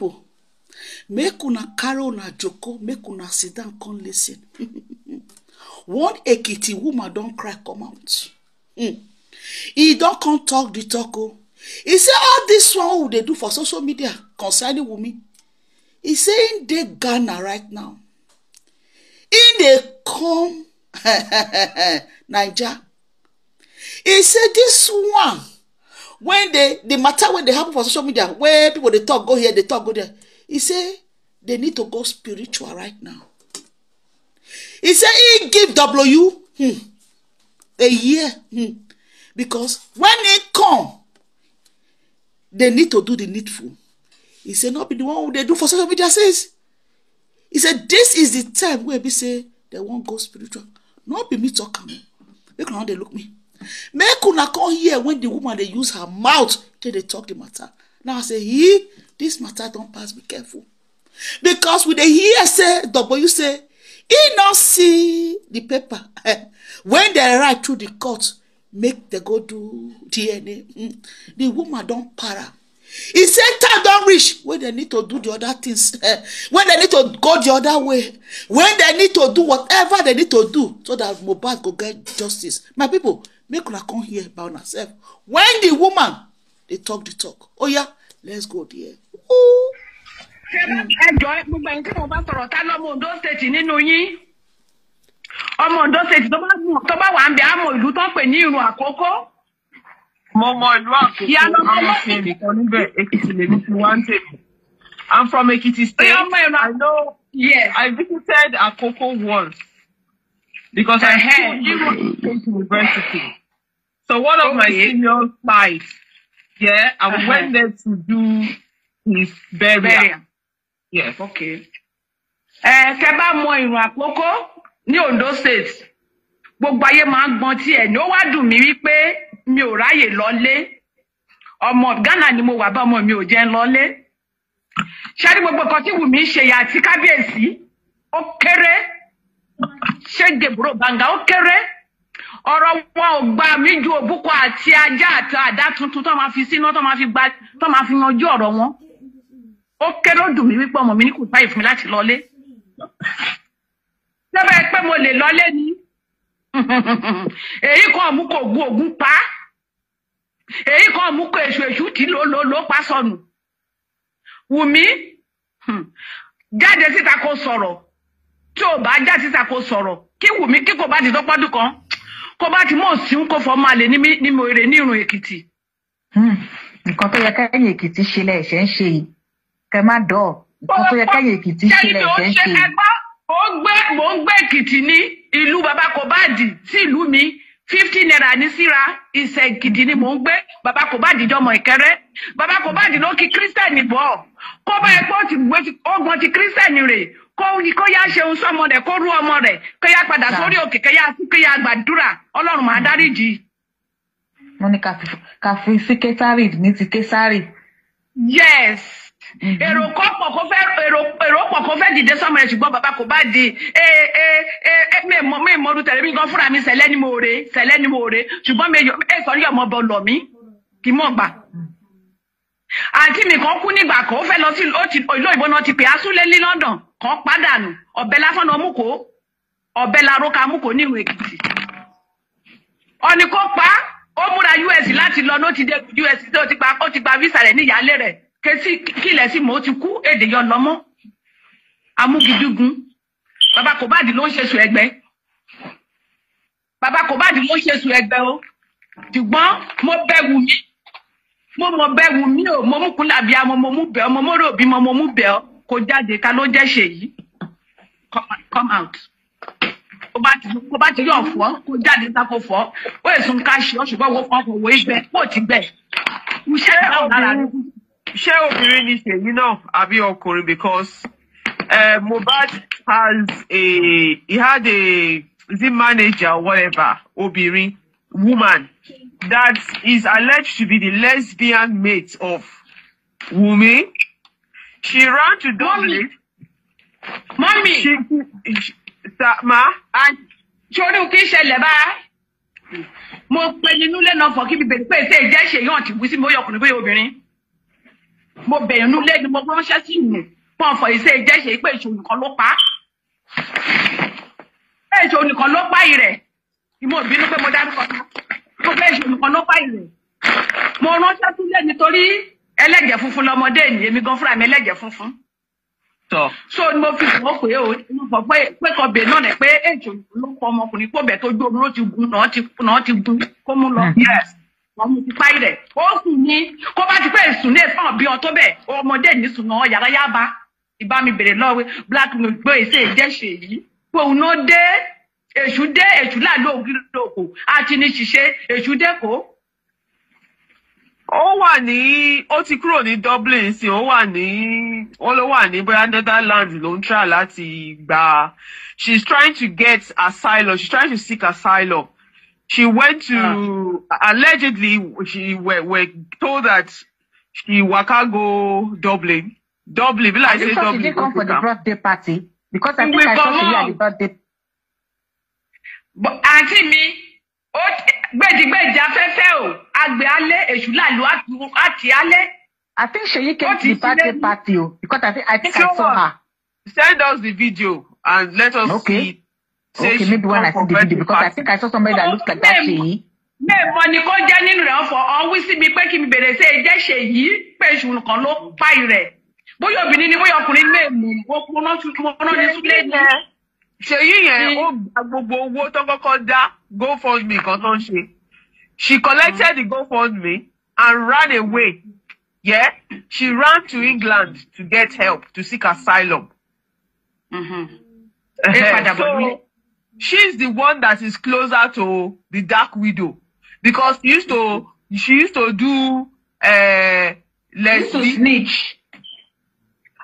pipo make una carry una joko make una sit down come listen one ekiti woman don cry come out e don come talk the talk o oh. e say all dis one wey dey do for social media concerning wunmi e say im dey ghana right now im dey come naija e say dis one when they the matter wey dey happen for social media where people dey talk go here dey talk go there e say they need to go spiritual right now e say e give w hmm, a year hmm, because when e come they need to do the needful e say no be the one wey dey do for social media says e say this is the time wey be say they wan go spiritual no be me talk am make una dey look me make una come hear when the woman dey use her mouth take dey talk the matter now i say e this matter don pass be careful because we dey hear say w say e no see the paper when dem write through the court make dem go do dna mm-hmm. The woman don para e say time don reach wey dem need to do the other things. wey dem need to go the other way wey dem need to do whatever dem need to do so that mohbad go get justice my people make una come hear about herself when the woman dey talk the talk oya oh, yeah, let's go there. ẹjọ gbogbo ẹni tí sọ̀rọ̀ ká lọ́mọ Ondo State nínú yín ọmọ Ondo State tó bá wà ń bẹ àmọ́ ìlú tó ń pè ní irun àkókò. mo mọ ìlú àkókò àwọn fi nìkan níbẹ̀ Èkìtì lèmi ti wá ń tèmi I'm from Ekiti State I know yes. I visited Akoko once because I had University. So one of okay. my seniors died. Yeah, I uh-huh. went there to do his burial. burial. Yes. Okay. Ẹ tẹ bá mọ ìrùn àpókó ní Ondo State, gbogbo ayé ma ń gbọ́n tiẹ̀ ní ó wá dùn mí wípé mi ò ráyè lọ́lé. Ọmọ Ghana ni mo wà bá ọmọ mi ò jẹ́ ń lọ́lé. Ṣé ní gbogbo nǹkan tí Wùmí ń ṣe yà àti kábíyèsí? Ó kéré. Ṣé Gèbúrò Bàǹgà ó kéré? ọ̀rọ̀ wọn ò gbà mí ju òbúkọ àti ajá àti àdá tuntun tó máa fi síná tó máa fi gba tó máa fi yanjú ọ̀rọ̀ wọn ó kéré dùn mí wípé ọmọ mi ní kò báyìí fún mi láti lọlé lọ́bẹ̀ pé mo lè lọlé ni èyí kan mú kò gun ògún pa èyí kan mú kò èṣù èṣù tí ló ló ló pa sọnù Wùmí hmm, jáde síta kó sọ̀rọ̀ tí ò bá jáde síta kó sọ̀rọ̀ kí Wùmí kí kò bá di tọ́pọ́dún kan kó bá ti mọ̀ sí ń kó fọ́ máa lè ní mo èrè ní ìrùn èkìtì. Hmm. nǹkan tó yẹ kẹ́yìn èkìtì ṣe lẹ̀ ṣe ń ṣe yìí kẹ má dọ̀ nǹkan tó yẹ kẹ́yìn èkìtì ṣe lẹ̀ ṣe ń ṣe yìí. mò ń gbé mò ń gbé èkìtì ní ìlú bàbá Kobadi sí ìlú mi fifty naira ní síra ìṣe èkìtì ni mò ń gbé bàbá Kobadi jọmọ ìkẹrẹ bàbá Kobadi ló kí kírísítẹ̀nì bọ̀ kó bá ẹgbẹ́ ọgbọ́n ti kírísítẹ̀nì rè kó kó yá ṣeun sọmọ rẹ̀ kó rú ọmọ rẹ̀ kó yá padà sórí òkè kó yá kó yá gbàdúrà Ọlọ́run máa dáríjì. wọ́n ní ká fi sí késàrì ní ti késàrì. yes mm-hmm. èrò kọ́ pọ̀ kó fẹ́ èrò pọ̀ kó fẹ́ dìde sọmọ rẹ̀ ṣùgbọ́n bàbá kò bá di ẹ ẹ ẹ ẹ mi mọ̀ọ́dún tẹ̀lé mi gan fúnra mi sẹ̀lẹ́ ni mo rè sẹ̀lẹ́ ni mo rè ṣùgbọ́n mi ẹ sọ ní ọmọ bọ̀ lọ̀ mí kì í mọ̀ gbà àǹtí mi kan kú nígbà kan ó fẹ́ lọ sí ìlú òyìnbó náà ti pè á súnlé ní London kan pàdánù ọ̀bẹ lásán lọ mú kó ọ̀bẹ la roka mú kó nílùú Èkìtì ọ̀nì kó pa ó múra US láti lọ ní ó ti dé US tó ti gba ó ti gba visa rẹ̀ níyàálé rẹ̀ kesi kílẹ̀ sí mo ti kú èdè yọ lọ́mọ́ amúgidúgun bàbá Kobadi ló ń ṣe sùn ẹgbẹ́ bàbá Kobadi ló ń ṣe sùn ẹgbẹ́ o ṣùgbọ́n mo bẹ̀ wù mí mo mọ bẹ́ẹ̀ wù mí o mo mú kúnlẹ̀ àbí amọ̀ mo mú bẹ́ẹ̀ mo mú rò bí mo mo mú bẹ́ẹ̀ kò jáde ta ló jẹ́ ṣèyí come out kó bá ti yọ ọ̀fọ́ kó jáde ta kó fọ́ ó èsùn ká ṣe ọ́ ṣùgbọ́n wọ́n kọ́ wọ́ ibẹ̀ kó ti gbẹ̀ ṣé obìnrin ṣé obìnrin ni ṣèyí náà àbí ọkùnrin because uh, Mohbad has a he had a is manager whatever obìnrin woman that is alleged to be the lesbian mate of Wumi. She ran to Dublin. Mommy. She, she, ma. Ṣorí òkè ìṣẹ̀lẹ̀ Mo pe inú lẹ́nu ọ̀fọ̀ kí bíbẹ̀ pé ṣé ìjẹ́ ṣe yàn tìbú sí mi ó yọkùnrin bóyá obìnrin. Mo bẹ̀rẹ̀ inú lẹ́nu mo ránṣẹ́ sí ìmọ̀ fún ọ̀fọ̀ ìṣe ìjẹ́ ṣe pé ìṣòro nìkan ló pa á. Ṣé ìṣòro nìkan ló pa ìrẹ̀? Ìmọ̀ òbínú pé mo dárúkọ ta tó fẹ́ ṣe nǹkan ló fàìlẹ̀ mo ránṣẹ́ sílé nítorí ẹlẹ́jẹ̀ funfun lọmọdé ni èmi gan fúnra mi ẹlẹ́jẹ̀ funfun so ni mo fi wọ́n pé o mo fọ pé pẹ́kọ̀ bè náà nẹ̀ pé èjò ló kọ ọmọkùnrin kó bẹ̀ tó gbé omi ló ti gun náà ti gun kó mú lọ ọmọ hmm. ti pa ilẹ̀ ó sì ní kó bá ti pẹ́ ìsùn lè fún ọ̀bí ọtọ́ bẹ́ẹ̀ ọmọdé ní sùn náà yàrá yá bá ìbá mi bèrè lọ́wọ́ black mi gbé èsè ìjẹ́sẹ̀ yìí pé òun náà dé èṣù dé èṣù láàlú ògiri àti ní ṣiṣẹ èṣù dẹkọ. ó wà ní ó ti kúrò ní Dublin sí ó wà ní wọn ló wà ní bóyá Netherlands ló ń try láti gba she is trying to get asylum she is trying to seek asylum she went to yeah. allegedly she were, were told that she waka go Dublin Dublin be like say Dublin go pick am. I sure she dey come for the birthday party because I think I saw she dey at the birthday àǹtí mi ó gbèdégbèdé afẹ́fẹ́ o àgbẹ̀ alẹ́ èṣù làlú àti alẹ́. I think Seyi came to the party party o because I think I, think I saw her. Send us the video and let us okay. see. Okay, okay maybe when I see the video because party. I think I saw somebody that looks like that Seyi. Bẹ́ẹ̀ mọ ni kó jẹ́ nínú rẹ̀ ọ̀fọ̀ ọ̀hún sí mi pé kí mi bèrè ṣe jẹ́ Seyi pé èṣù ló pa ìrẹ̀. Bóyá obìnrin ni bóyá ọkùnrin lè mú mo kúná ní súlé ní ṣèyí yẹn ó gba gbogbo owó tó kọ́kọ́ dá gofundme kan tó ń ṣe she collected the gofundme and ran away yeah? she ran to England to get help to seek asylum. Mm-hmm. so she's the one that is closer to the dark widow because she used to she used to do uh, eh, let's to snitch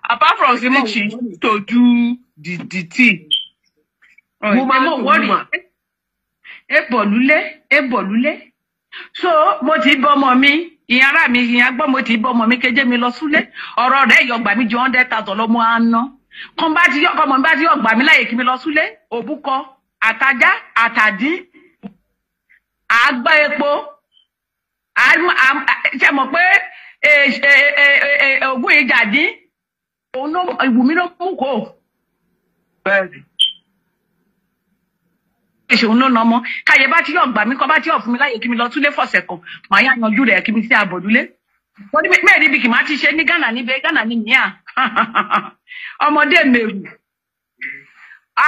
apart from snitching she used to do the the thing mo máa ń wò wọ́n ẹ bọ̀ lulẹ̀ ẹ bọ̀ lulẹ̀ so mo ti bọ́ ọmọ mi ìyẹn ara mi ìyẹn agbọ́ mo ti bọ́ ọmọ mi kéjé mi lọ súlẹ̀ ọ̀rọ̀ rẹ̀ yọ gbà mí ju hundred thousand lọ́mọ àná kan bá ti yọ ọkọ mọ̀ bá ti yọ gbà mí láyè kí mi lọ súlẹ̀ òbúkọ àtajá àtàdín àgbá epo ṣe mọ̀ pé ògùn e, e, e, ìjà dín òun náà ìwù mí ló mú kó. bẹ́ẹ̀ni ṣòun ló na ọmọ káyé bá ti yọ gbà mí kọ bá ti yọ fún mi láyè kí mi lọ túlé fọ̀sẹ̀ kan màá yá yanjú rẹ̀ kí mi sí àbọ̀dúlé wọ́n ní mẹ́rin níbi kì máa ti ṣe ní Ghana níbẹ̀ Ghana ní mìíà ọmọdé mèrù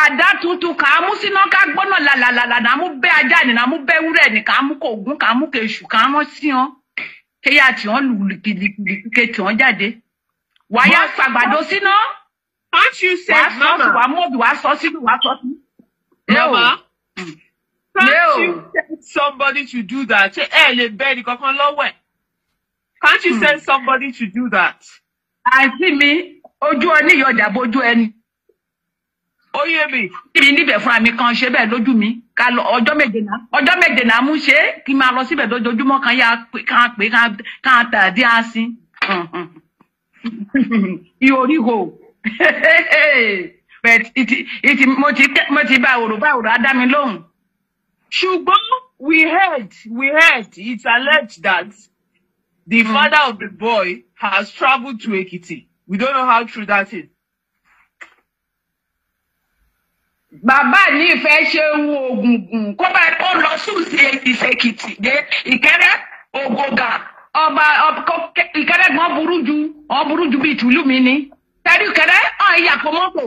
àdá tuntun kà á mú síná ká gbóná làlàlàlà nà á mú bẹ́ ajá nì nà á mú bẹ́ wúrẹ́ nì kà á mú kò gún kà á mú kò èṣù kà á mọ́ sí wọn kéyà tí wọ́n lù kìlìkìlìkìlì tí wọ́n jáde wàyà sàgbàdo síná wàá sọ́ọ̀sì wàá mú òbí wàá sọ́ọ̀sì wàá sọ́ọ̀sì. Can't you send somebody to do that? Ṣé ẹ lè bẹ ẹnì kankan lọ́wọ́ ẹ̀? Can't you hmm. send somebody to do that? Àǹtí mi, ojú ọní ìyọjà bójú ẹni. Ó yé mi. Kí ni níbẹ̀ fúnra mi kan ṣe bẹ́ẹ̀ lójú mi? Ká lọ ọjọ́ méje náà. Ọjọ́ méje náà mú ṣe é kí n máa lọ síbẹ̀ lójoojúmọ́ kan yá kan pé kan tàdí àásín. Ìhòríhò. but it it mo ti mo ti bá òrò bá òrò á dá mi we heard we heard it's alleged that the mm. father of the boy has travelled to Ekiti we don't know how true that is. bàbá ní ìfẹ́ ṣe ń wo ògùngùn kó bá ó lọ sùn sí Èkìtì dé Ìkẹrẹ Ògògà ọba Ìkẹrẹ gan burú ju ọ burú ju bíi tùlù mi ni tẹ́lú Ìkẹrẹ ọ̀ ìyàpọ̀ mọ́tò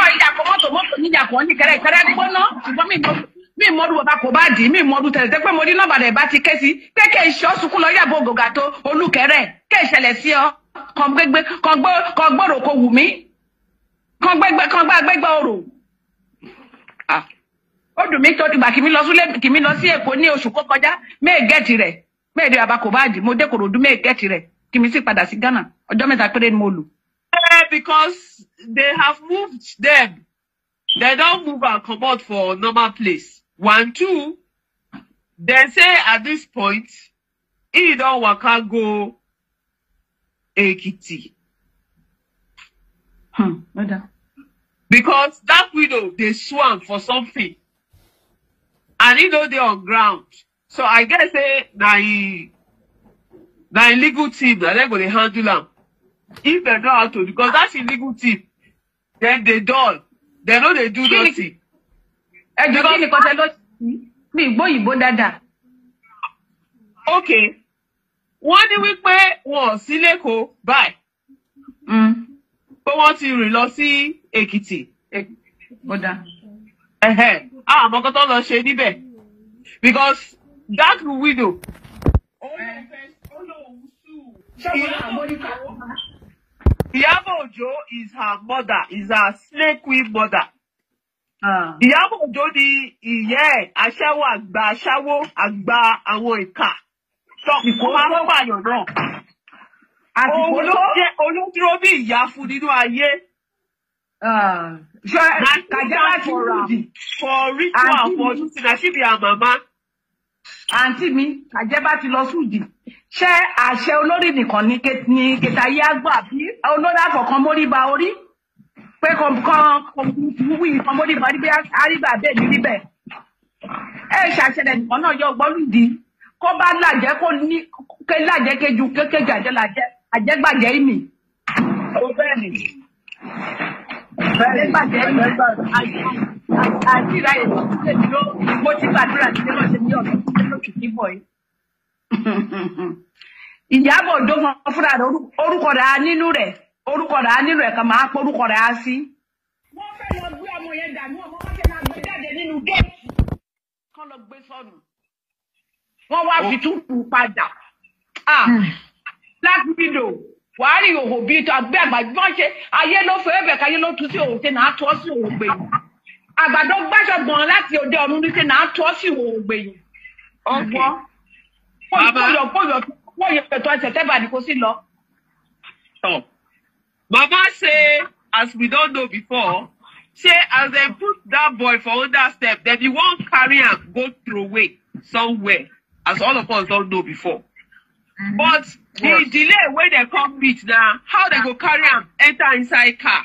ọ ìyàkọ mọ́tò mọ́tò níyàkọ ní kẹrẹ ìkẹrẹ gbóná ṣùgbọ́n mi mọ mi mọ ọdún bàbá kò bá dì í mi mọ ọdún tẹlẹ pé mo ní nọ́mbà rẹ bá ti ké sí kéèké iṣẹ ọsùnkún lọ yàgò gògà tó olùkẹrẹ ké ìṣẹ̀lẹ̀ sí ọ kàn gbégbé kàn gbó kàn gbòòrò kò wù mí kàn gbégbé kàn gbá gbégbé òrò ó dùn mí tó ti gbà kí mi lọ sílé kí mi lọ sí èkó ní oṣù kó kọjá méè gẹẹtì rẹ méè rí bàbá kò bá dì í mo dé kòròdú méè gẹẹtì rẹ kí mi sì padà sí Ghana ọjọ́ mẹ́ta péré ni mo lù because they have moved them. They don't move and come out for normal place. One, two, they say at this point, he don't waka go Ekiti. Hmm, Because that widow, they swam for something. And he know they on ground. So I guess they, na, na legal team, they they going to handle them. if dem know how to because that's illegal thing dem dey dull dem no dey do nothing. ẹjọ kí ni kọtẹ ló mi gbọ́ òyìnbó dáadáa. ok wọ́n ní wípé wọn ò sí lẹ́kọ̀ọ́ báyìí mm. pé wọ́n ti rìn lọ sí èkìtì. àmọ́ kó tó lọ ṣe níbẹ̀ because that widow. ó lóun sùn. ṣé wọn náà mọ́ ní ká Iyabo Ojo is her mother, is her snake queen mother. Iyabo ah. Ojo ni ìyẹ́ ẹ̀ aṣẹ́wó àgbà aṣẹ́wó àgbà àwọn ìka. Ìkó máa ń pààyàn náà. Òun ló jẹ́ olúdúró bí ìyá fún nínú ayé. Ah. Kàjẹ́lá ti wúdi. For ritual for na she be her mama. Àǹtí mi, Kàjẹ́ bá ti lọ di ṣé àṣẹ olórí nìkan ní kẹtàyé àgbà bí olórí àkọ́kọ́ mórí ba orí pé kọ̀ọ̀kan wí nǹkan mórí ba orí bí àríbà bẹ́ẹ̀ ní níbẹ̀ ẹ ṣàṣẹlẹ̀ nìkan náà yọ ọgbọ́lùdí kó bá làjẹ́ kó ní ké làjẹ́ kéju kékejì àjẹ́ làjẹ́ àjẹ́gbàjẹ́ ìmì. ó bẹ́ẹ̀ ni àjẹ́gbàjẹ́ ìmì àti ìráyè tó ti lè dúró mo ti gbàdúrà sí lọ́sẹ̀ ní ọ̀dọ́ lókìkí bọ̀ yìí. Ìyábọ̀ Òjó gan fúnra rẹ̀ orúkọ rẹ̀ á nínú rẹ̀ orúkọ rẹ̀ á nínú rẹ̀ máa pọ̀ orúkọ rẹ̀ á sí. Wọ́n fẹ́ lọ gbé ọmọ yẹn dànù ọmọ wọn fẹ́ gbé jáde nínú géètì kán lọ gbé Wọ́n wá fi padà. Hmm. Black widow wàá rí òhò bíi tó àgbàdo ṣe ayé ló fẹ́ bẹ̀ káyé ló sí òhò tẹ̀ náà tọ́ sí òhò gbè. Àgbàdo bàbá bóyọ bóyọ bóyọ pẹ̀tọ́ ẹsẹ̀ tẹ́bà ni kò sí say as we don't know before say as they put that boy for under step then he won't carry and go through way somewhere as all of us don't know before. Mm -hmm. but di delay wey they come meet now, how they go carry am enter inside car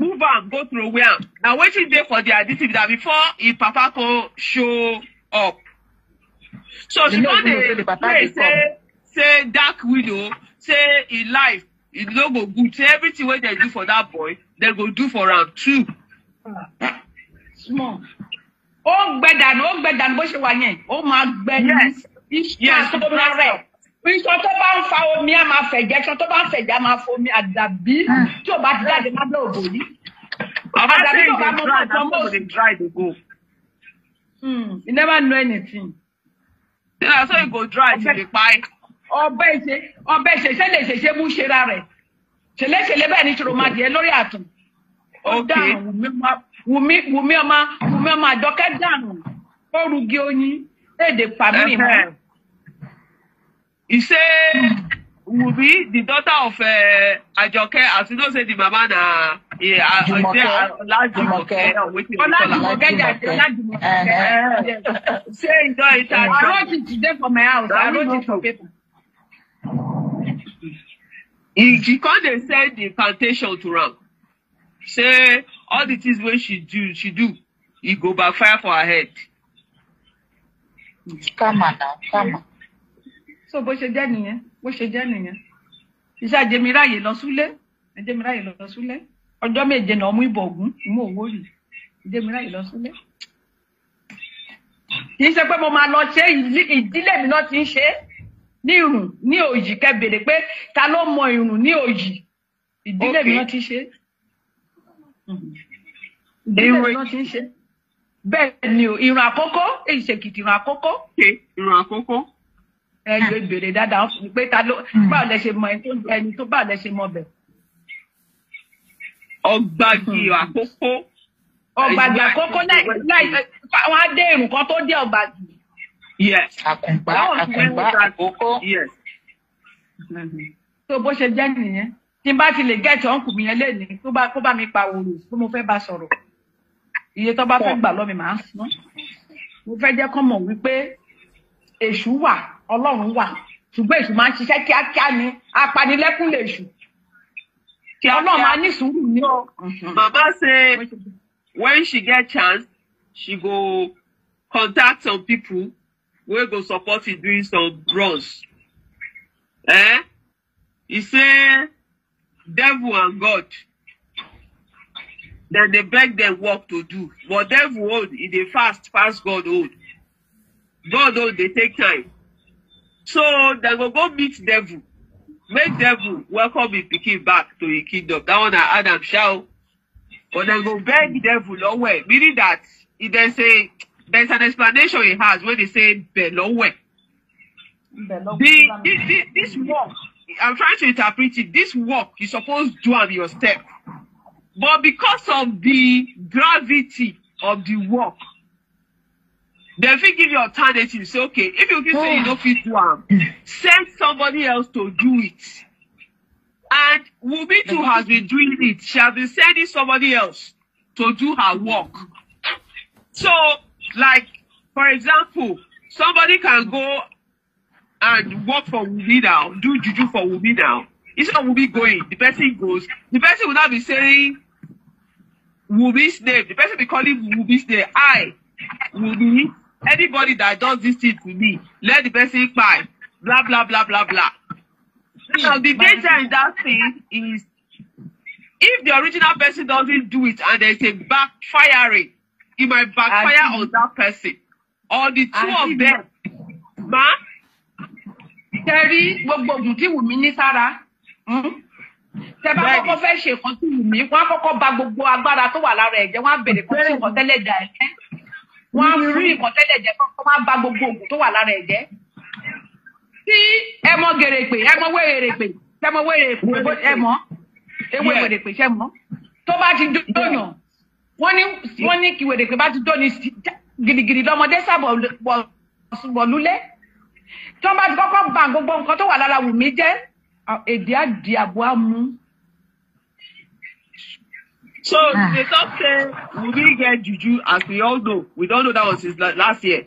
move on, go through where na waiting there for di additive na before if papa go show up so she no eh, dey play say say dark widow say e life e no go good say everything wey dem do for dat boy dem go do for am too. small ó gbẹ dànù ó gbẹ dànù bó ṣe wà yẹn ó máa gbẹ ní iṣan tó máa rẹ iṣan tó bá ń fa omi á máa fẹ̀jẹ̀ iṣan tó bá ń fẹ̀jẹ̀ á máa fa omi àdàbí ah. tí ò bá ti jáde má bẹ òbò yìí. bàbá àdàbí tó bá mọ ọmọ ọjọ́ mọ́ òsì. you never know anything ṣé na so e go dry till dey kpai. ọbẹ̀ ṣe ọbẹ̀ ṣẹṣẹ lè ṣẹṣẹ mú ṣera rẹ̀ ṣẹlẹ́ṣẹlẹ́ bẹ́ẹ̀ ni ṣòro máa jẹ́ lórí àtún. ó dànù wùmí ọmọ wùmí ọmọ àjọkẹ́ dànù ó rugi oyin èdè pàmì mọ́. Will be the daughter of uh, eh, Ajoke, as you know, say the mama na Yeah, last eh, Ọlájùmọ̀kẹ́ Ọlájùmọ̀kẹ́ ṣé ìjọ ìta àjọ. I wrote it today for my house. I wrote it for paper. She come dey send the incantation to am. Say all the things wey she do, she do, e go backfire for her head. Kama na kama. So bó ṣe jẹ́ nìyẹn bó ṣe jẹ́ nìyẹn iṣẹ́ àjẹmíráyè lọ súlé àjẹmíráyè lọ súlé ọjọ́ méje náà mú ìbọ̀gún mú òwò rì àjẹmíráyè lọ súlé. kì í ṣe pé mo máa lọ ṣe ìdílé mi náà ti ń ṣe é ní irun ní òyì kẹ béèrè pé ta ló mọ irun ní òyì ìdílé mi náà ti ń ṣe é ìdílé mi náà ti ń ṣe é bẹ́ẹ̀ irun àkókò èyí ṣèkìtì irun àkókò. irun àkókò ẹ̀rù ìbèrè dáadáa wọ́n fi pé ta ló hmm. báwo lẹ ṣe mọ ẹni tó ń jẹ ẹni tó báwo lẹ ṣe mọ bẹ̀. ọgbàgì hmm. àkókò. ọgbàgì àkókò láì wọn á dé irun kan tó dé ọgbàgì. yes àkùngbá àkókò. yes. tó bó ṣe jẹ́ nìyẹn tí n bá ti lè gẹ̀ẹ́tì ọ̀nkù mi yẹn lénìí tó bá kó bá mi pa wòrò tó mo fẹ́ bá sọ̀rọ̀ iye tó bá fẹ́ gbà lọ́mi màá sún mo fẹ́ jẹ́ kọ́ mọ̀ wípé èṣù wà ọlọ́run wà ṣùgbọ́n èṣù máa ń ṣiṣẹ́ kíákíá ni apanilẹ́kún lè ṣù kí ọlọ́run máa ní sùúrù ní o. mama when she get chance she go contact some people wey go support you during some runs. Eh? e say devil and god dem dey beg dem work to do but devil own e dey fast pass god own god own dey take time so they go go meet devil make devil welcome him pikin back to him kingdom that one na adam shao but they go beg devil lọ́wẹ̀ meaning that he dey say there's an explanation he has when dey say belọ́wẹ̀ the this, this work i'm trying to interpret it this work you suppose do am step, but because of the gravity of the work dem fit give you alternative say okay if you feel say you no fit do am send somebody else to do it and wunmi too has been doing it she has been sending somebody else to do her work so like for example somebody can go and work for wunmi now do juju for wunmi now instead of wunmi going the person goes the person will now be saying wunmi's name the person be calling wunmi's name i wunmi Anybody that does this thing to me, let the person cry. Blah blah blah blah blah. now the danger in that thing is if the original person doesn't do it and there's a backfiring, it might backfire on that person. Or the two of them. Ma? Tẹ́rí gbogbo ògùn tí Wùmí ní sára. Hmm? Tẹ bá kọ́kọ́ fẹ́ ṣe nǹkan tí Wùmí, wọ́n á kọ́kọ́ ba gbogbo agbára tó wà lára ẹ̀jẹ̀, wọ́n wọn á rí nǹkan tẹ́lẹ̀ jẹ́ kó má bà gbogbo oògùn tó wà lára ẹ̀ jẹ́ tí ẹ mọ gèrèpè ẹ mọ wéèrèpè ẹ mọ wéèrèpè ẹ mọ ewé wèrèpè ṣẹ mọ tó bá ti dóyàn wọn ní wọn ní kí wèrèpè bá ti dóni gidigidi lọmọdé sábọ wọlúlẹ tó bá ti kọ́kọ́ gbogbo nǹkan tó wà lára Wùmí jẹ́ èdè àdìàbò á mú. So ah. they talk say we didn't get Juju as we all know. We don't know that was his last year.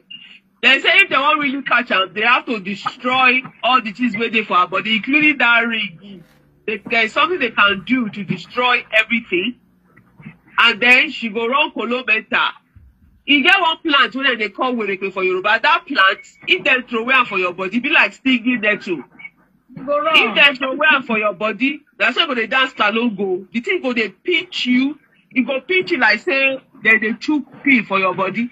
They say if they won't really catch am, they have to destroy all the things wey dey for our body, including that ring. There is something they can do to destroy everything. And then she go run Kolometa. You e get one plant when they dey call Wereke for Yoruba. That plant, if they throw away for your body, e be like stinging nettle if there's nowhere for your body that's why you go dey dance talongo the thing go dey pinch you e go pinch you like say dem dey chew pee for your body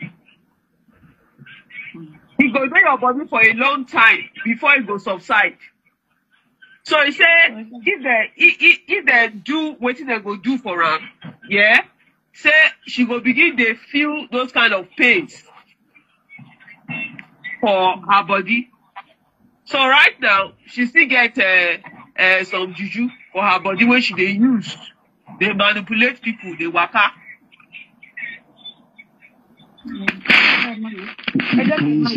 e go dey your body for a long time before e go subside so e say if dem if dem do wetin dem go do for am yeah, say she go begin dey feel those kind of pains for her body So right now, she still get uh, uh, some juju for her body wey she dey use. They manipulate people, they waka. Please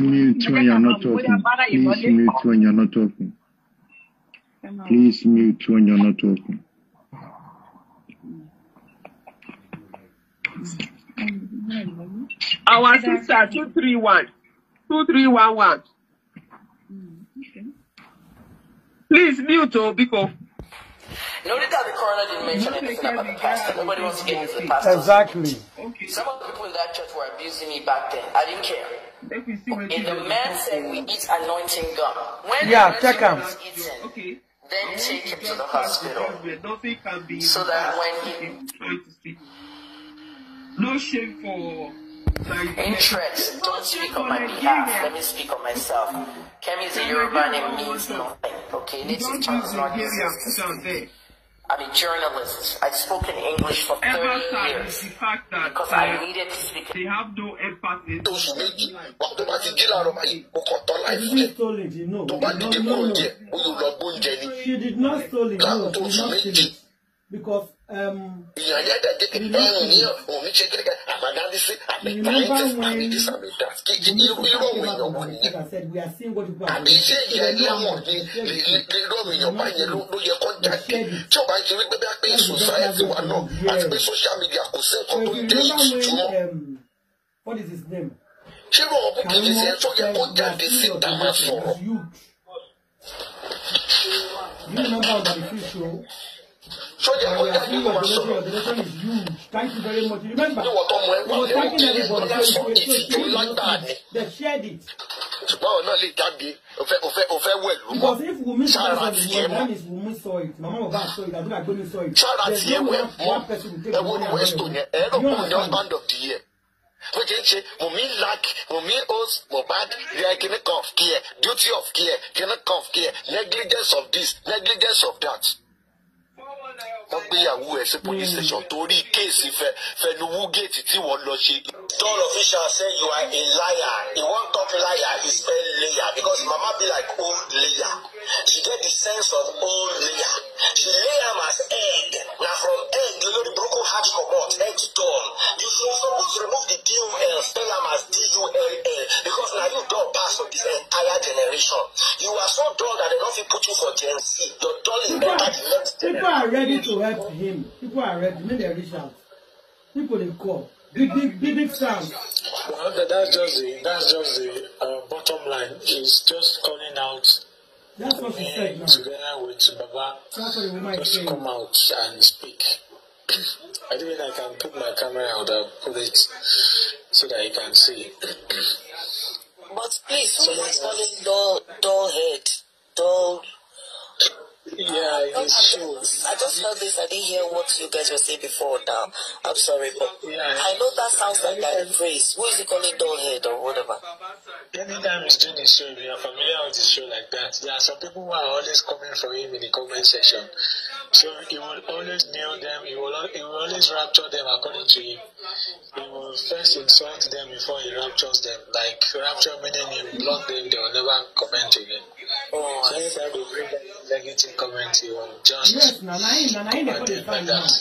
mute when you're not talking. Please mute when you're not talking. Please mute when you're not talking. Our sister two three one two three one one. Please mute, oh, You the coroner didn't mention anything about the pastor. Nobody wants to get into the pastor. Exactly. Okay. Some of the people in that church were abusing me back then. I didn't care. And the man said we eat anointing gum, when yeah, the anointing was eaten, okay. then okay. take him to the hospital. Nothing can be so that when he... No shame for Interest. Don't speak on my behalf. Let me speak on myself. Kemi is a Yoruba name means nothing. Okay, native tongue is not used. I'm a journalist. I spoke in English for 30 years because I uh, needed to speak. They have no empathy. tó oṣù méjì wọn tó bá ti jí láàárọ̀ báyìí mo kàn tán láìpẹ́ tó bá dìde kúrò díẹ̀ ó yóò lọ gbóúnjẹ ni láàárọ̀ tó oṣù méjì ìyànjẹ dẹjẹ ẹ̀yìn ní òní ṣe kiri ká àmàdánísí àmì káyọ̀tì àmì dísàmì dàs kí irú àwọn èèyàn wò nìyẹn àbí iṣẹ́ ìyá ní àwọn ní irú àwọn èèyàn bá yẹn ló yẹ kó jáde tí ọba yìí wípé bí a pé society wa náà àti pé social media kò sí ẹ̀kọ́ tó dé ìtúmọ̀ um, ṣé irú ọ̀bùn kejì sí ẹ̀ yẹ kó jáde síta máa Do you remember the free show? sójà kọjá ní kó máa sọ̀rọ̀ níwọ̀n tó mọ ẹgbẹ́ ọ̀lẹ́wọ̀n kí ni bọ́lá sọ ìtìjú lágbàá ni ṣùgbọ́n ọ̀nà lè jáde òfẹ́ òfẹ́ òfẹ́ wẹ̀ ló mọ̀ ṣára tiẹ̀ mọ̀ ṣára tiẹ̀ wẹ̀ mọ̀ ẹ wo ni westo yẹn ẹ ló kún ní husband of the year bó ṣe ń ṣe Wunmi lack Wunmi owes Mohbad rẹ kìnnì kan of care duty of care kìnnì of care negligence of this negligence of that wọ́n gbéyàwó ẹ̀ sí police hmm. station torí kéèsì fẹnu wúgẹ́ẹ̀tì tí wọ́n lọ ṣe. Don official say you are a liar. a one talk liar, he spell layer because mama be like old layer. She get the sense of old layer. She lay am as egg. Na from egg lórí broken hatch comot egg turn. You suppose remove the D-U-L spell am as D-U-L-L because now you dull pass of this entire generation. You are so dull that they don't fit put you for Gen Z. Your dull is better than next generation. People are ready to help him. People are ready. Make they reach out. People dey call. Big, big, big, big sound. Well, that's just the that's just the uh, bottom line. He's just calling out. That's what she said eh, now. Together with Baba, just come out and speak. I think I can put my camera out and put it so that you can see. But please, someone is calling doll, doll head, doll. Yeah, it's true. I just heard this. I didn't hear what you guys were saying before. Now, I'm sorry, but yeah, I know that sounds like that phrase. Who is he calling doll head or whatever? Anytime he's doing the show, if you are familiar with the show like that, there are some people who are always coming for him in the comment section. So he will always nail them, he will, he will always rapture them according to him. He will first insult them before he raptures them. Like rapture meaning he block them, they will never comment again. Oh, so if I will bring negative comment, he will just yes, nana, nana, comment it like that.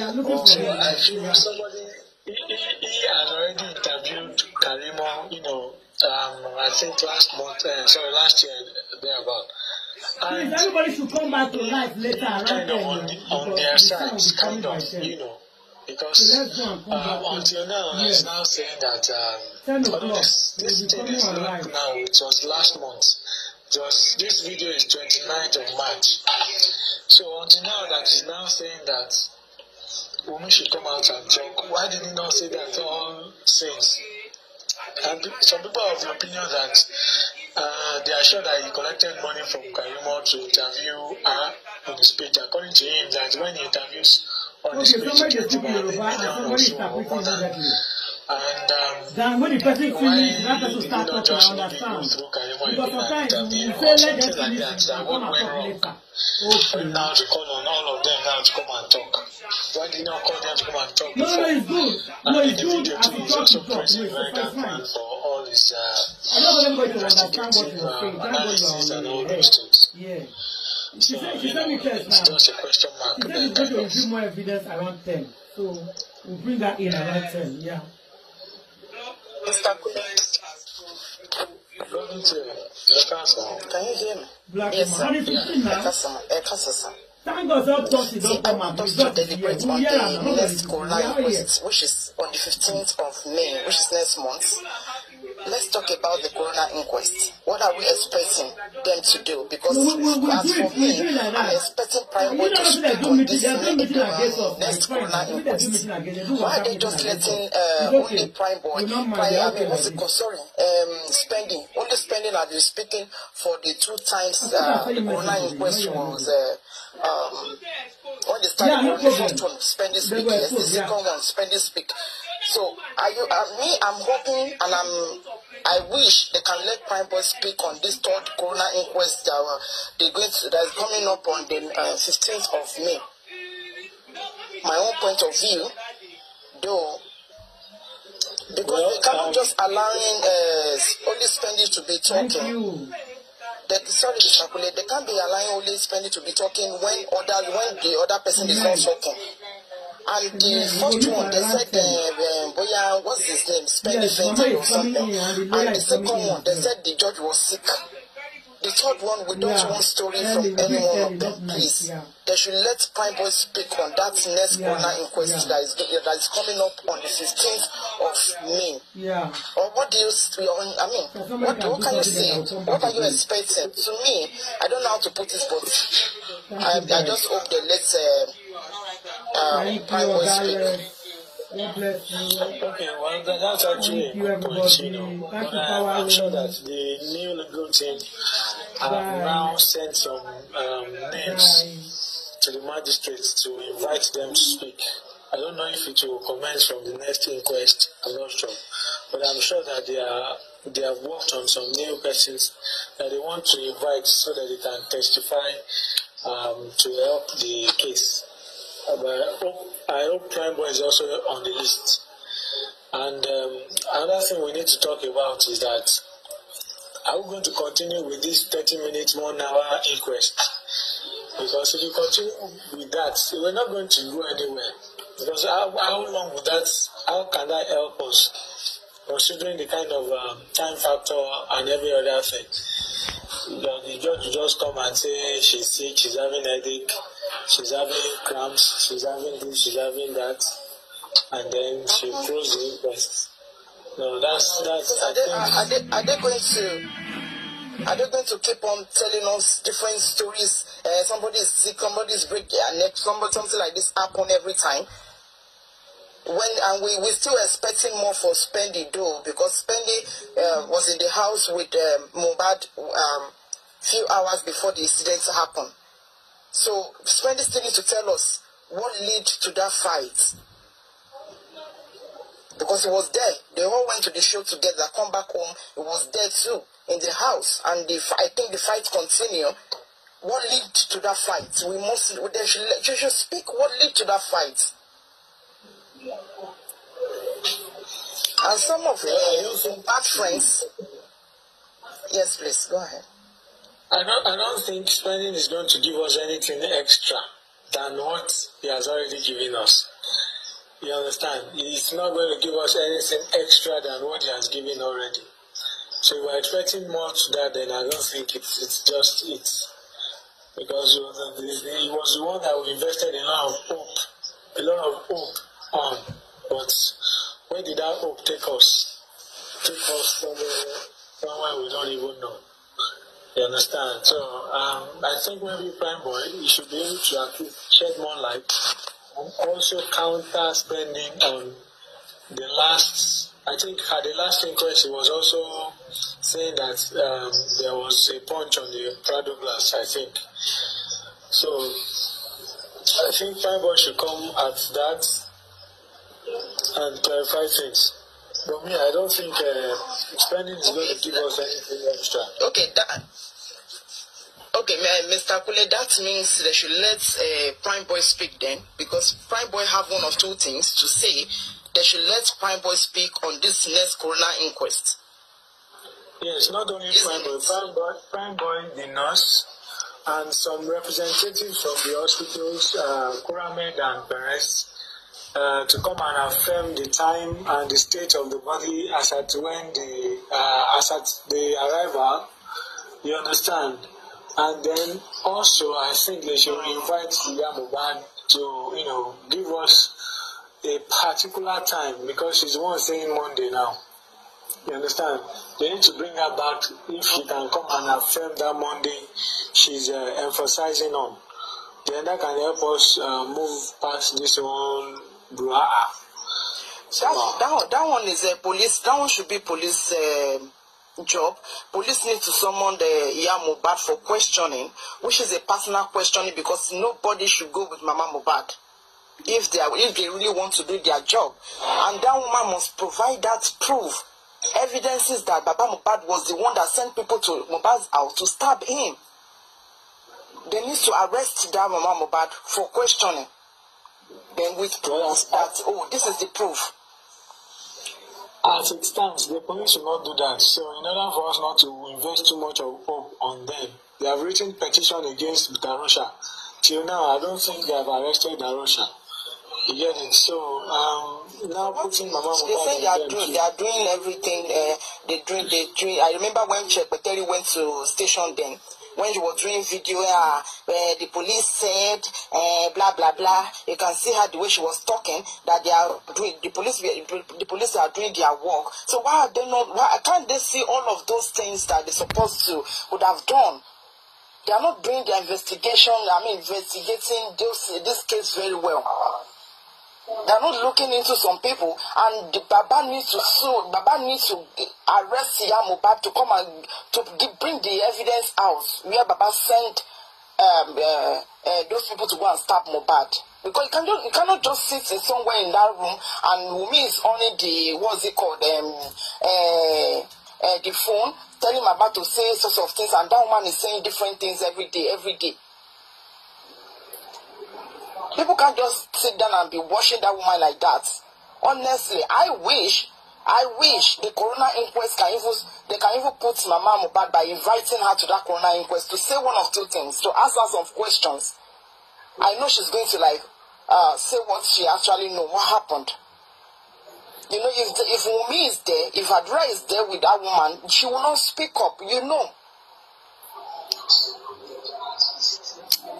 Oh, so I feel somebody, he, he, he has already interviewed Karimo, you know, um, I think last month, uh, sorry, last year, thereabout. Please, everybody should come back to life later around kind of on, on their side, kind of, you know, because so let's go uh, until now, yes. it's now saying that um, this, this thing is not now, it was last month. Just this video is 29th of March. So until now, that is now saying that women should come out and joke. Why did he not say that all since? And some people are of the opinion that Uh, they are that he collected money from Karimo to interview her on the speech. According to him, that when he interviews on the speech, page, he gets about a million or so or more And um, then when the person finishes, that person start talking, I understand. Because sometimes you say, let them finish, like that, that come and talk later. Okay. now to call on all of them now to come and talk. Why did you not call them to come and talk? No, before? no, it's good. No, it's good. As you talk to talk. No, it's good is uh, I don't want anybody to understand what you're saying. That's what you're and all those things. Yeah. She so, said, she sent me text now. It's just mark. She said she's going to review more evidence around 10. So we'll bring that in around 10. Yeah. Mr. Kuda Can you hear me? Black yes, sir. Yeah. Thank God, sir. Talk to Dr. Man. Talk to deliberate on the UNESCO line, which is on the 15th of May, which is next month let's talk about the corona inquest. What are we expecting them to do? Because as for me, I'm expecting Prime Boy to speak on this next corona inquest. Why are they just letting uh, only Prime Boy, Prime, I mean, what's it called? Sorry, um, spending. Only spending have been speaking for the two times uh, the corona inquest was. Uh, um, when they started yeah, the spending speak, yes, the second one, spending speak. So are you, uh, me, I'm hoping and I'm, I wish they can let Prime Boy speak on this third corona inquest that uh, they're going to, that's coming up on the uh, 15th of May. My own point of view, though, because well, we cannot um, just allowing uh, only spending to be talking. Thank They, sorry, Mr. Kule, they can't be allowing only spending to be talking when other when the other person is not mm. talking and the first one they said uh, boya what's his name spend yes, vented or something and the second one they said the judge was sick the third one we don't yeah. want story yeah, from any one of them please yeah. they should let prime boy speak on that next yeah. corner inquest yeah. that is that is coming up on the 15th of may yeah or what do you i mean what, what can you say what are you expecting to me i don't know how to put this but i, I just hope they let uh, Uh, Thank you, I was God God you. Okay, well, that, that's Thank a you Thank you, I'm sure that the new legal team have now sent some um, names to the magistrates to invite them to speak. I don't know if it will commence from the next inquest, I'm not sure. But I'm sure that they are they have worked on some new persons that they want to invite so that they can testify um, to help the case. Um, uh, I hope, I hope Primeboy is also on the list. And um, another thing we need to talk about is that are we going to continue with this 30 minute, one hour inquest? Because if you continue with that, we're not going to go anywhere. Because how, how long would that, how can that help us? Considering the kind of um, time factor and every other thing. The, judge will just come and say she's sick, she's having a headache she's having cramps, she's having this, she's having that, and then she throws the request. No, that's that's. Are they, are, they, are they going to? Are they going to keep on telling us different stories? Uh, somebody's sick, somebody's break their neck, somebody, something like this happen every time. When and we we still expecting more for Spendy though because Spendy uh, was in the house with um, Mubad um, few hours before the incident happened. So Spendy still needs to tell us what led to that fight. Because he was there. They all went to the show together, come back home. He was there too, in the house. And if I think the fight continued. What led to that fight? We must, they should, you should speak what led to that fight. And some of you, uh, bad friends. Yes, please, go ahead. I don't, I don't think spending is going to give us anything extra than what He has already given us. You understand? It's not going to give us anything extra than what He has given already. So we're expecting more to that, then I don't think it's, it's just it. Because it was, the, was the one that we invested a lot of hope, a lot of hope on. But where did that hope take us? Take us somewhere, somewhere we don't even know. You understand? So um, I think when you prime boy, you should be able to shed more light and also counter spending on the last. I think at the last inquest, he was also saying that um, there was a punch on the Prado glass. I think so. I think Prime Boy should come at that and clarify things. For me, I don't think uh, spending is okay. going to give us anything extra. Okay, that. Okay, Mr. Uh, Kule, that means they should let uh, Prime Boy speak then, because Prime Boy have one of two things to say. They should let Prime Boy speak on this next coroner inquest. Yes, not only Isn't Prime Boy, Prime Boy, Prime Boy, the nurse, and some representatives from the hospitals, uh, Kuramed and Perez, uh, to come and affirm the time and the state of the body as at when the uh, as at the arrival. You understand? And then also, I think they should invite the Yamuban to you know give us a particular time because she's one saying Monday now. You understand? They need to bring her back if she can come and affirm that Monday she's uh, emphasizing on. Then that can help us uh, move past this one Go. That, that, one, that one is a police. That one should be police uh, job. Police need to summon the Iya Mohbad for questioning, which is a personal questioning because nobody should go with Mama Mubad. if they are, if they really want to do their job. And that woman must provide that proof, evidences that Baba Mubad was the one that sent people to Mubad's house to stab him. They need to arrest that Mama Mubad for questioning then as at oh, this is the proof. As it stands, the police will not do that. So, in order for us not to invest too much of hope on them, they have written petition against Darusha. Till now, I don't think they have arrested Darusha. You get it? So, um, now what putting Mama They say they are, doing, too. they are doing everything. Uh, they doing, they doing. I remember when Chepeteri went to station then when you were doing video uh, uh, the police said uh, blah blah blah you can see how the way she was talking that they are doing the police the police are doing their work so why are they not why can't they see all of those things that they're supposed to would have done they are not doing their investigation i mean investigating those this case very well They're not looking into some people, and the Baba needs to sue. Baba needs to arrest Yamuba to come and to bring the evidence out where Baba sent um, uh, uh, those people to go and stab Mobad. Because you, can just, you cannot just sit in somewhere in that room and Wumi is only the, what's it called, um, uh, uh, the phone, telling Baba to say sorts of things, and that woman is saying different things every day, every day. People can't just sit down and be watching that woman like that. Honestly, I wish, I wish the coroner inquest can even, they can even put Mama Mohbad by inviting her to that coroner inquest to say one of two things, to ask her some questions. I know she's going to like uh, say what she actually know, what happened. You know, if the, if Wumi is there, if Adra is there with that woman, she will not speak up. You know.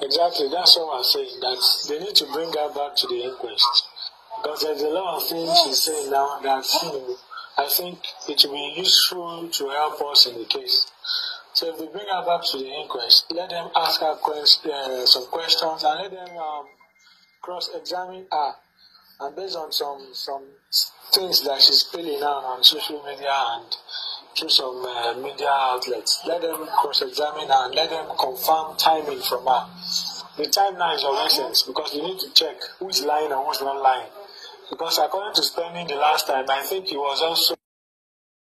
Exactly, that's what I'm saying. That they need to bring her back to the inquest because there's a lot of things she's saying now that I think it will be useful to help us in the case. So if they bring her back to the inquest, let them ask her quest, uh, some questions and let them um, cross-examine her. And based on some some things that she's spilling out on social media and to some uh, media outlets. Let them cross-examine her. Let them confirm timing from her. The time is of essence because you need to check who's lying and who's not lying. Because according to spending the last time, I think he was also